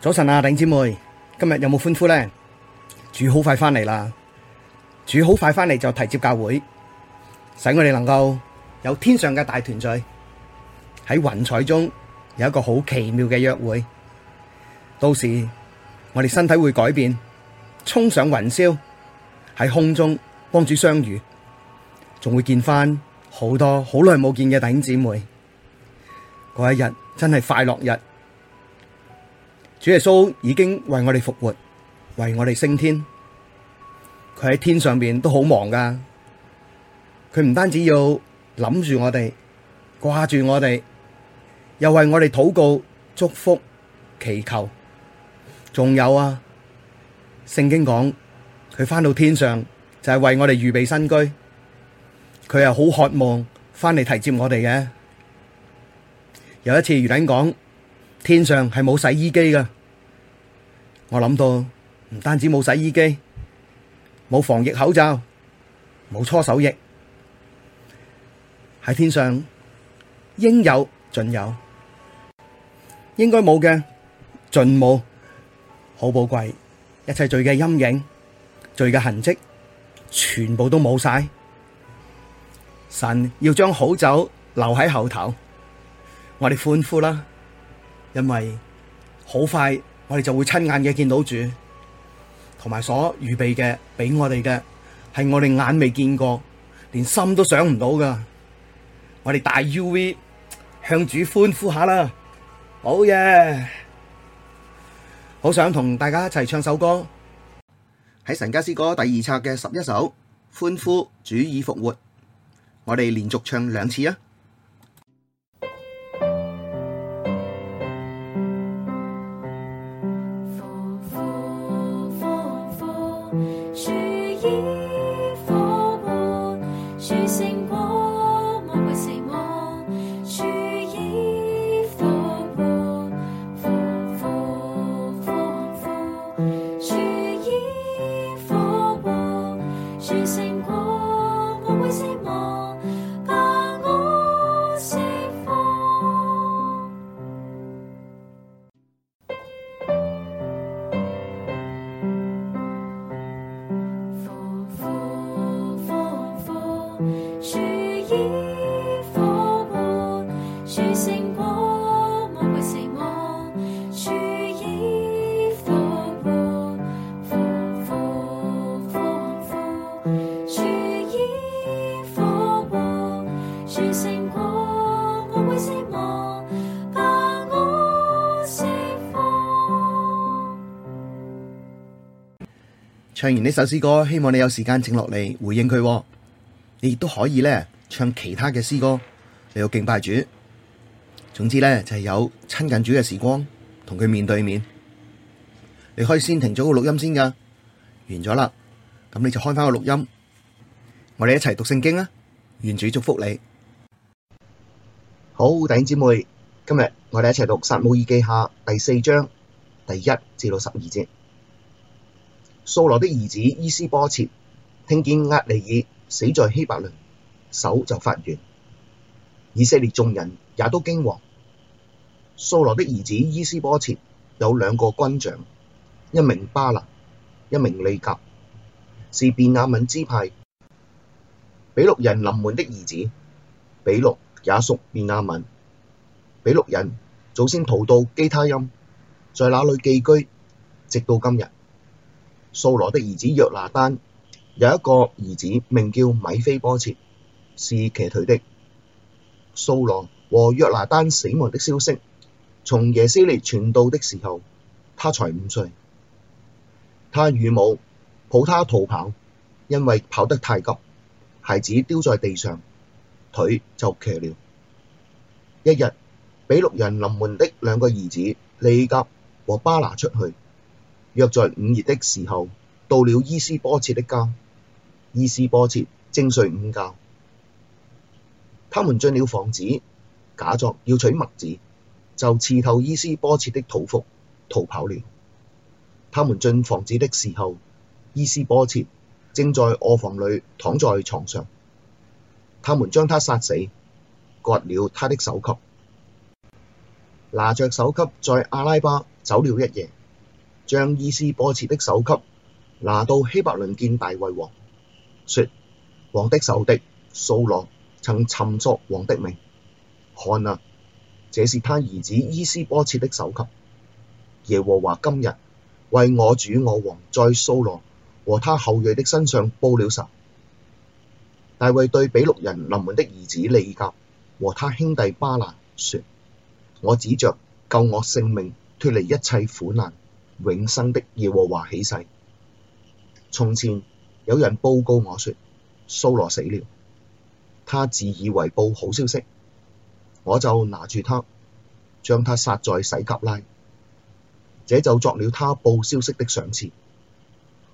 早晨啊，弟兄姊妹，今日有冇歡呼呢？主好快翻嚟啦，主好快翻嚟就提接教會，使我哋能夠有天上嘅大團聚，喺雲彩中有一個好奇妙嘅約會。到時我哋身體會改變，衝上雲霄，喺空中幫主相遇，仲會見翻好多好耐冇見嘅弟兄姊妹。嗰一日真係快樂日。主耶穌已經為我哋復活，為我哋升天。佢喺天上邊都好忙噶，佢唔單止要諗住我哋，掛住我哋，又為我哋禱告、祝福、祈求。仲有啊，聖經講佢翻到天上就係為我哋預備新居。佢係好渴望翻嚟迎接我哋嘅。有一次，魚餅講天上係冇洗衣機噶。我諗到唔單止冇洗衣機，冇防疫口罩，冇搓手液，喺天上應有盡有，應該冇嘅盡冇，好寶貴，一切罪嘅陰影、罪嘅痕跡，全部都冇晒。神要將好酒留喺後頭，我哋歡呼啦，因為好快。我哋就會親眼嘅見到主，同埋所預備嘅俾我哋嘅係我哋眼未見過，連心都想唔到㗎。我哋大 U V 向主歡呼下啦，好耶！好想同大家一齊唱首歌，喺神家詩歌第二冊嘅十一首《歡呼主已復活》，我哋連續唱兩次啊！唱完呢首詩歌，希望你有時間靜落嚟回應佢。你亦都可以咧唱其他嘅詩歌嚟要敬拜主。總之咧就係、是、有親近主嘅時光，同佢面對面。你可以先停咗個錄音先噶，完咗啦，咁你就開翻個錄音。我哋一齊讀聖經啊！願主祝福你。好，弟兄姊妹，今日我哋一齊讀撒母耳記下第四章第一至到十二節。掃羅的兒子伊施波設聽見押尼珥死在希伯崙，手就發軟。以色列眾人也都驚惶。掃羅的兒子伊施波設有兩個軍長，一名巴拿，一名利甲，是便雅憫支派、比錄人臨門的兒子。比錄也屬便雅憫。比錄人早先逃到基他音，在那裡寄居，直到今日。掃羅的兒子約拿單有一個兒子名叫米非波設，是瘸腿的。掃羅和約拿單死亡的消息從耶斯列傳到的時候，他才五歲。他乳母抱他逃跑，因為跑得太急，孩子丟在地上，腿就瘸了。一日，比錄人臨門的兩個兒子利甲和巴拿出去。約在午熱的時候，到了伊施波設的家，伊施波設正睡午覺。他們進了房子，假作要取麥子，就刺透伊施波設的肚腹，逃跑了。他們進房子的時候，伊施波設正在臥房裡躺在床上，他們將他殺死，割了他的首級，拿着首級在亞拉巴走了一夜。將伊施波設的首級拿到希伯倫見大衛王，說：王的仇敵掃羅曾尋索王的命，看哪，這是他兒子伊施波設的首級。耶和華今日為我主我王在掃羅和他後裔的身上報了仇。大衛對比錄人臨門的兒子利甲和他兄弟巴拿說：我指着救我性命、脫離一切苦難，永生的耶和華起誓：從前有人報告我說，掃羅死了，他自以為報好消息，我就拿住他，將他殺在洗革拉，這就作了他報消息的賞賜。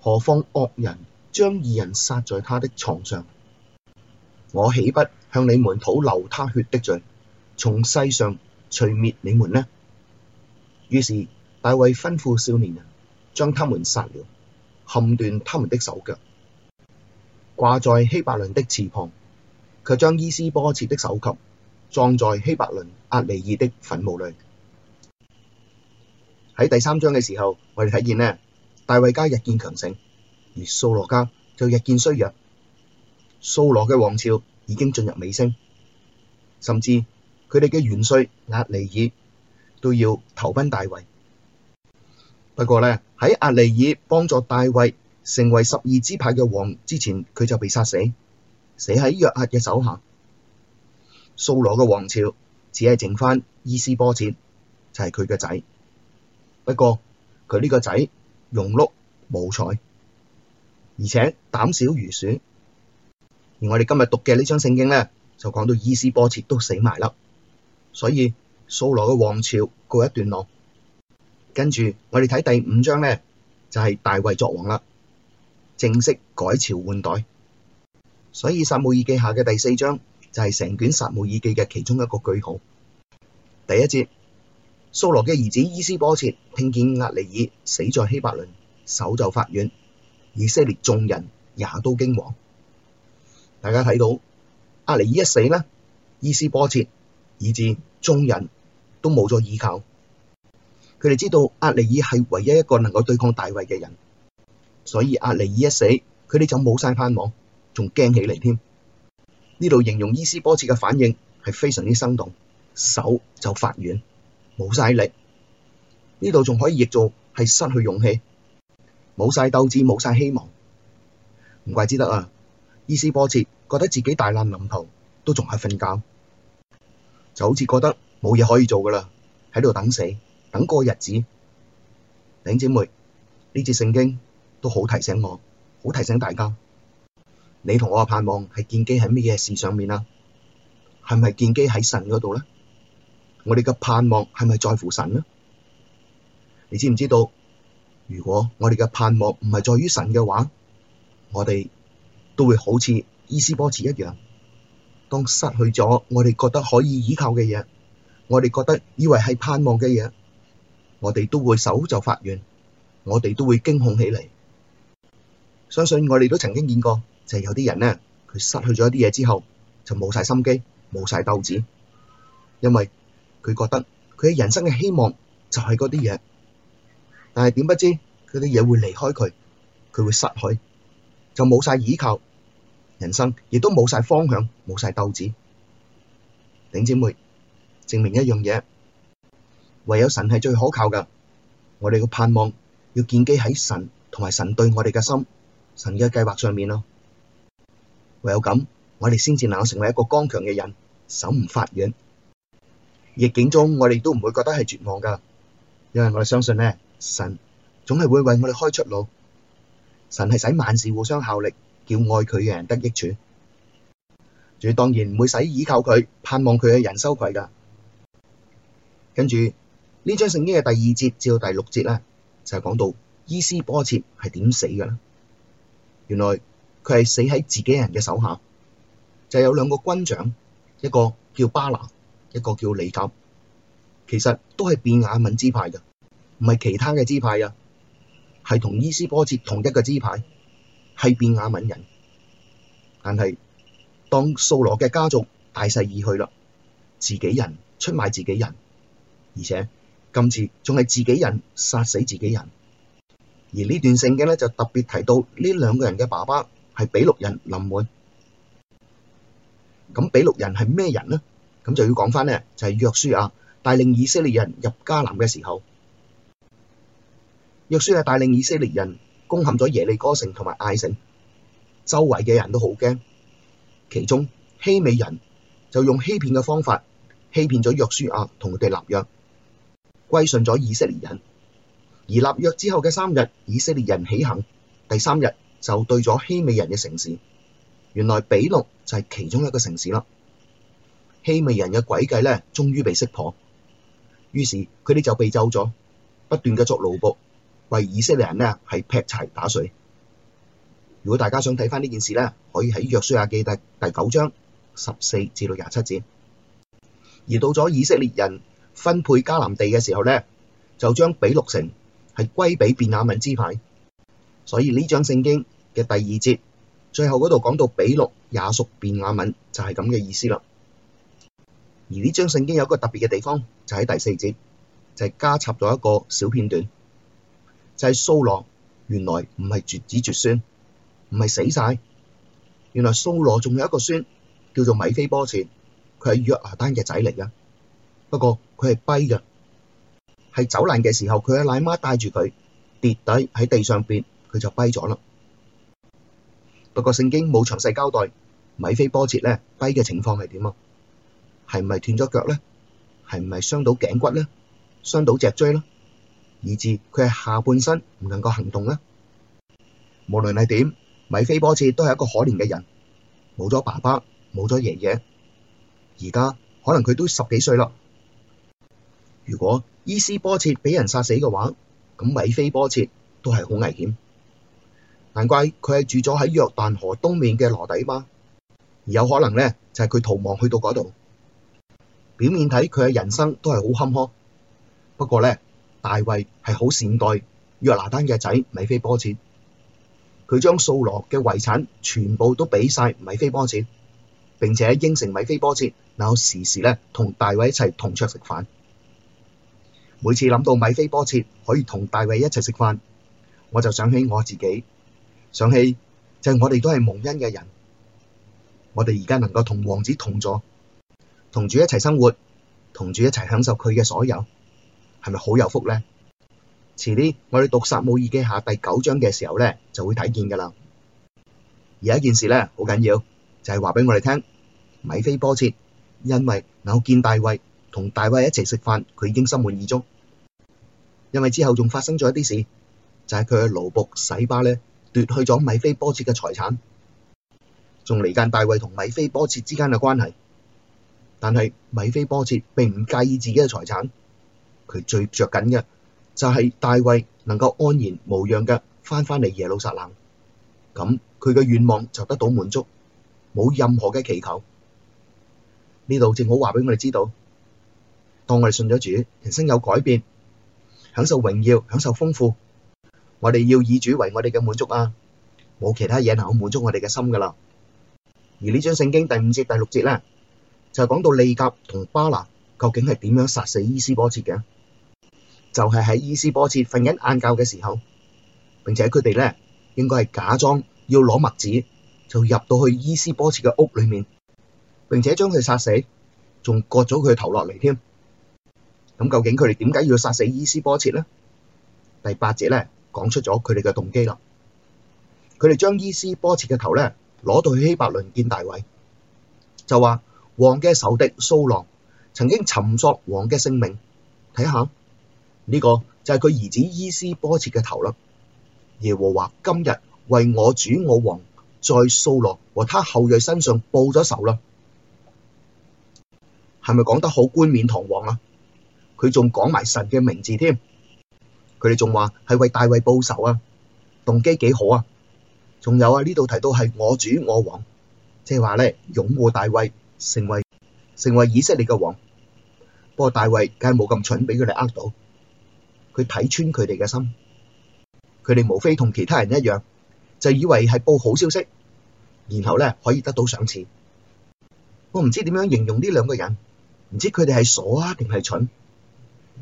何況惡人將義人殺在他的床上，我豈不向你們討流他血的罪，從世上除滅你們呢？於是大衛吩咐少年人，將他們殺了，砍斷他們的手腳，掛在希伯倫的池旁。佢將伊施波設的首級葬在希伯倫押尼珥的墳墓裡。喺第三章嘅時候，我哋睇見咧，大衛家日漸強盛，而掃羅家就日漸衰弱。掃羅嘅王朝已經進入尾聲，甚至佢哋嘅元帥押尼珥都要投奔大衛。不過咧，喺押尼珥幫助大衛成為十二支派嘅王之前，佢就被殺死，死喺約押嘅手下。掃羅嘅王朝只係剩翻伊施波設，就係佢嘅仔。不過佢呢個仔庸碌無才，而且膽小如鼠。而我哋今日讀嘅呢章聖經咧，就講到伊施波設都死埋啦，所以掃羅嘅王朝告一段落。跟住，我哋睇第五章咧，就係大衛作王啦，正式改朝換代。所以撒母耳記下嘅第四章就係成卷撒母耳記嘅其中一個句號。第一節，掃羅嘅兒子伊施波設聽見押尼珥死在希伯倫，手就發軟，以色列眾人也都驚惶。大家睇到，押尼珥一死咧，伊施波設以至眾人都冇咗依靠。佢哋知道押尼珥係唯一一個能夠對抗大衛嘅人，所以押尼珥一死，佢哋就冇晒盼望，仲驚起嚟添。呢度形容伊施波設嘅反應係非常之生動，手就發軟，冇晒力。呢度仲可以譯做係失去勇氣，冇晒鬥志，冇晒希望。唔怪之得啊，伊施波設覺得自己大難臨頭，都仲係瞓覺，就好似覺得冇嘢可以做㗎喇，喺度等死。等過日子，弟姐妹，呢節聖經都好提醒我，好提醒大家。你同我嘅盼望係建基喺咩嘢事上面啊？係咪建基喺神嗰度咧？我哋嘅盼望係咪在乎神呢？你知唔知道？如果我哋嘅盼望唔係在於神嘅話，我哋都會好似伊施波設一樣，當失去咗我哋覺得可以依靠嘅嘢，我哋覺得以為係盼望嘅嘢。我哋都會手就發軟，我哋都會驚恐起嚟。相信我哋都曾經見過，就係、是、有啲人呢，佢失去咗一啲嘢之後，就冇晒心機，冇晒鬥志，因為佢覺得佢喺人生嘅希望就係嗰啲嘢，但係點不知佢啲嘢會離開佢，佢會失去，就冇晒倚靠，人生亦都冇晒方向，冇晒鬥志。頂姐妹證明一樣嘢。唯有神係最可靠噶，我哋嘅盼望要建基喺神同埋神對我哋嘅心、神嘅計劃上面咯。唯有咁，我哋先至能夠成為一個剛強嘅人，手唔發軟。逆境中，我哋都唔會覺得係絕望噶，因為我哋相信咧，神總係會為我哋開出路。神係使萬事互相效力，叫愛佢嘅人得益處，主當然唔會使倚靠佢、盼望佢嘅人羞愧噶，跟住。呢張聖經嘅第二節至到第六節咧，就係講到伊施波設係點死嘅啦。原來佢係死喺自己人嘅手下，就有兩個軍長，一個叫巴拿，一個叫利甲，其實都係便雅憫支派嘅，唔係其他嘅支派啊，係同伊施波設同一個支派，係便雅憫人。但係當掃羅嘅家族大勢已去啦，自己人出賣自己人，而且。今次仲係自己人殺死自己人，而呢段聖經咧就特別提到呢兩個人嘅爸爸係比錄人臨門，咁比錄人係咩人呢？咁就要講翻呢，就係約書亞帶領以色列人入迦南嘅時候，約書亞帶領以色列人攻陷咗耶利哥城同埋艾城，周圍嘅人都好驚，其中希美人就用欺騙嘅方法欺騙咗約書亞同佢哋立約。歸順咗以色列人，而立約之後嘅三日，以色列人起行，第三日就對咗希未人嘅城市。原來比錄就係其中一個城市啦。希未人嘅詭計咧，終於被識破，於是佢哋就被咒咗，不斷嘅作奴僕，為以色列人咧係劈柴打水。如果大家想睇翻呢件事咧，可以喺約書亞記第第九章十四至到廿七節。而到咗以色列人。分配迦南地嘅時候咧，就將比錄城係歸俾便雅憫支派。所以呢張聖經嘅第二節最後嗰度講到比錄也屬便雅憫，就係咁嘅意思啦。而呢張聖經有一個特別嘅地方，就喺、是、第四節，就係、是、加插咗一個小片段，就係掃羅原來唔係絕子絕孫，唔係死晒。原來掃羅仲有一個孫叫做米非波設，佢係約拿單嘅仔嚟噶，不過，佢係跛嘅，係走難嘅時候，佢阿奶媽帶住佢跌底喺地上邊，佢就跛咗啦。不過聖經冇詳細交代米非波設咧跛嘅情況係點啊，係唔係斷咗腳咧？係唔係傷到頸骨咧？傷到脊椎啦，以至佢係下半身唔能夠行動啦。無論係點，米非波設都係一個可憐嘅人，冇咗爸爸，冇咗爺爺，而家可能佢都十幾歲啦。如果伊施波設俾人殺死嘅話，咁米非波設都係好危險。難怪佢係住咗喺約旦河東面嘅羅底巴，而有可能咧就係佢逃亡去到嗰度。表面睇佢嘅人生都係好坎坷，不過咧大衛係好善待約拿單嘅仔米非波設，佢將掃羅嘅遺產全部都俾曬米非波設，並且應承米非波設能夠時時咧同大衛一齊同桌食飯。每次諗到米非波設可以同大衛一齊食飯，我就想起我自己，想起就係我哋都係蒙恩嘅人。我哋而家能夠同王子同坐，同住一齊生活，同住一齊享受佢嘅所有，係咪好有福呢？遲啲我哋讀撒母耳記下第九章嘅時候咧，就會睇見㗎啦。而有一件事咧，好緊要，就係話畀我哋聽，米非波設，因為嗱，我見大衛。同大衛一齊食飯，佢已經心滿意足。因為之後仲發生咗一啲事，就係佢嘅奴僕洗巴呢奪去咗米非波設嘅財產，仲離間大衛同米非波設之間嘅關係。但係米非波設並唔介意自己嘅財產，佢最着緊嘅就係大衛能夠安然無恙嘅翻返嚟耶路撒冷，咁佢嘅願望就得到滿足，冇任何嘅祈求。呢度正好話俾我哋知道。當我哋信咗主，人生有改變，享受榮耀，享受豐富，我哋要以主為我哋嘅滿足啊！冇其他嘢能夠滿足我哋嘅心噶啦。而呢章聖經第五節、第六節咧，就講到利甲同巴拿究竟係點樣殺死伊施波設嘅？就係喺伊施波設瞓緊晏覺嘅時候，並且佢哋咧應該係假裝要攞麥子，就入到去伊施波設嘅屋裏面，並且將佢殺死，仲割咗佢嘅頭落嚟添。咁究竟佢哋點解要殺死伊施波設咧？第八節咧講出咗佢哋嘅動機啦。佢哋將伊施波設嘅頭咧攞到去希伯崙見大衛，就話王嘅仇敵掃羅曾經尋索王嘅性命，睇下呢個就係佢兒子伊施波設嘅頭啦。耶和華今日為我主我王在掃羅和他後裔身上報咗仇啦，係咪講得好冠冕堂皇啊？佢仲講埋神嘅名字添，佢哋仲話係為大衛報仇啊，動機幾好啊。仲有啊，呢度提到係我主我王，即係話咧擁護大衛成為成為以色列嘅王。不過大衛梗係冇咁蠢，俾佢哋呃到，佢睇穿佢哋嘅心，佢哋無非同其他人一樣，就以為係報好消息，然後咧可以得到賞賜。我唔知點樣形容呢兩個人，唔知佢哋係傻啊定係蠢。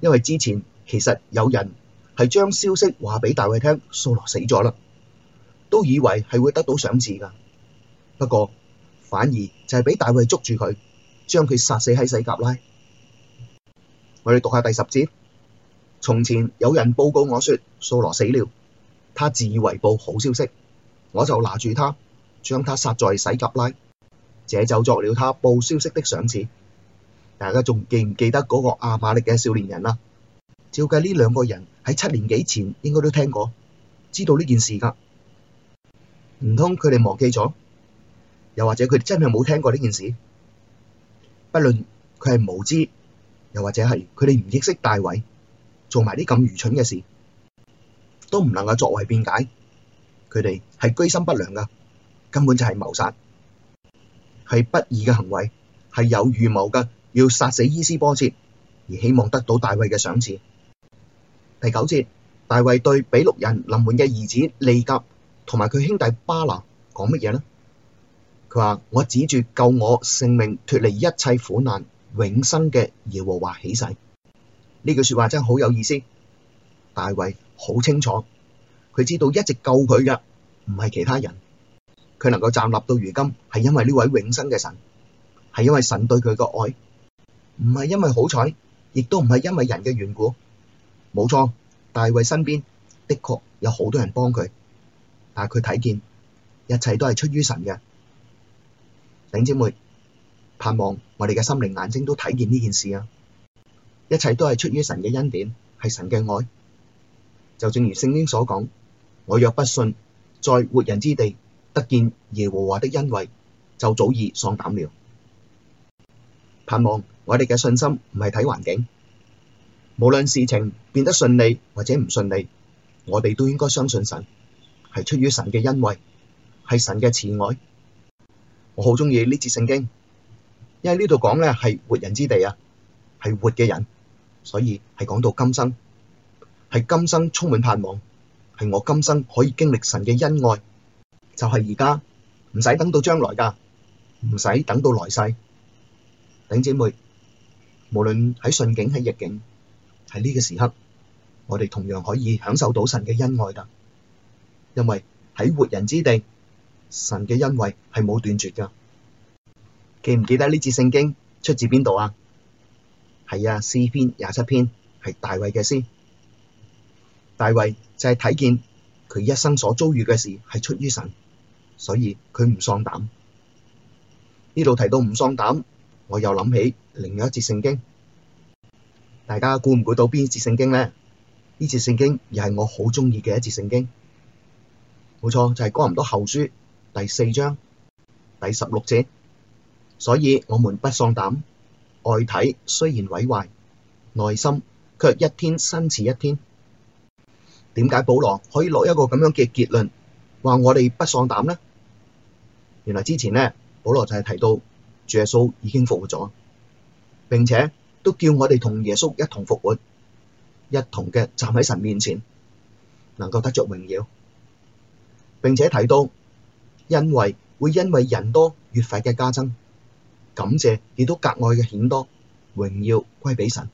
因為之前其實有人係將消息話畀大衛聽，掃羅死咗啦，都以為係會得到賞賜㗎。不過反而就係畀大衛捉住佢，將佢殺死喺洗革拉。我哋讀下第十節。從前有人報告我說，掃羅死了，他自以為報好消息，我就拿住他，將他殺在洗革拉，這就作了他報消息的賞賜。大家仲記唔記得嗰個亞馬力嘅少年人呀？照計呢兩個人喺七年幾前應該都聽過，知道呢件事㗎。唔通佢哋忘記咗？又或者佢哋真係冇聽過呢件事？不論佢係無知，又或者係佢哋唔認識大衛，做埋啲咁愚蠢嘅事，都唔能夠作為辯解。佢哋係居心不良㗎，根本就係謀殺，係不義嘅行為，係有預謀嘅。要殺死伊施波設，而希望得到大衛嘅賞賜。第九節，大衛對比錄人臨門嘅兒子利甲同埋佢兄弟巴拿講乜嘢呢？佢話：我指住救我性命、脱離一切苦難、永生嘅耶和華起誓。呢句說話真係好有意思。大衛好清楚，佢知道一直救佢嘅唔係其他人，佢能夠站立到如今係因為呢位永生嘅神，係因為神對佢嘅愛。唔係因為好彩，亦都唔係因為人嘅緣故，冇錯。大衛身邊的確有好多人幫佢，但係佢睇見一切都係出於神嘅。弟兄姊妹，盼望我哋嘅心靈眼睛都睇見呢件事啊！一切都係出於神嘅恩典，係神嘅愛。就正如聖經所講，我若不信，在活人之地得見耶和華的恩惠，就早已喪膽了。盼望。我哋嘅信心唔係睇環境，無論事情變得順利或者唔順利，我哋都應該相信神係出於神嘅恩惠，係神嘅慈愛。我好鍾意呢節聖經，因為呢度講咧係活人之地啊，係活嘅人，所以係講到今生，係今生充滿盼望，係我今生可以經歷神嘅恩愛，就係而家唔使等到將來噶，唔使等到來世，頂姐妹。無論喺順境喺逆境，喺呢個時刻，我哋同樣可以享受到神嘅恩愛噶，因為喺活人之地，神嘅恩惠係冇斷絕噶。記唔記得呢節聖經出自邊度啊？係啊，詩篇廿七篇，係大衛嘅詩。大衛就係睇見佢一生所遭遇嘅事係出於神，所以佢唔喪膽。呢度提到唔喪膽。我又諗起另外一節聖經，大家估唔估到邊節聖經呢？呢節聖經又係我好中意嘅一節聖經，冇錯就係哥林多後書第四章第十六節。所以，我們不喪膽，外體雖然毀壞，內心卻一天新似一天。點解保羅可以攞一個咁樣嘅結論，話我哋不喪膽呢？原來之前呢，保羅就係提到。主耶穌已經復活咗，並且都叫我哋同耶穌一同復活，一同嘅站喺神面前，能夠得着榮耀。並且提到，因為會因為人多越發嘅加增，感謝亦都格外嘅顯多，榮耀歸俾神。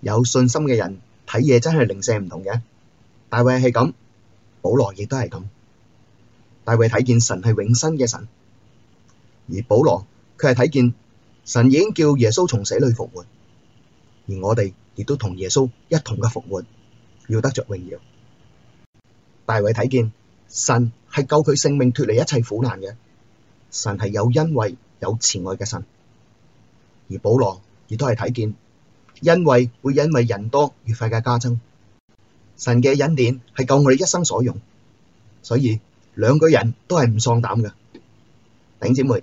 有信心嘅人睇嘢真係零舍唔同嘅，大衛係咁，保羅亦都係咁。大衛睇見神係永生嘅神。而保羅佢係睇見神已經叫耶穌從死裏復活，而我哋亦都同耶穌一同嘅復活，要得着榮耀。大衛睇見神係救佢性命脱離一切苦難嘅，神係有恩惠有慈愛嘅神。而保羅亦都係睇見恩惠會因為人多越發嘅加增，神嘅恩典係夠我哋一生所用，所以兩個人都係唔喪膽嘅，頂姐妹。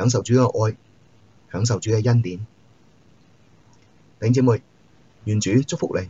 享受主嘅愛，享受主嘅恩典，弟兄姊妹，願主祝福你。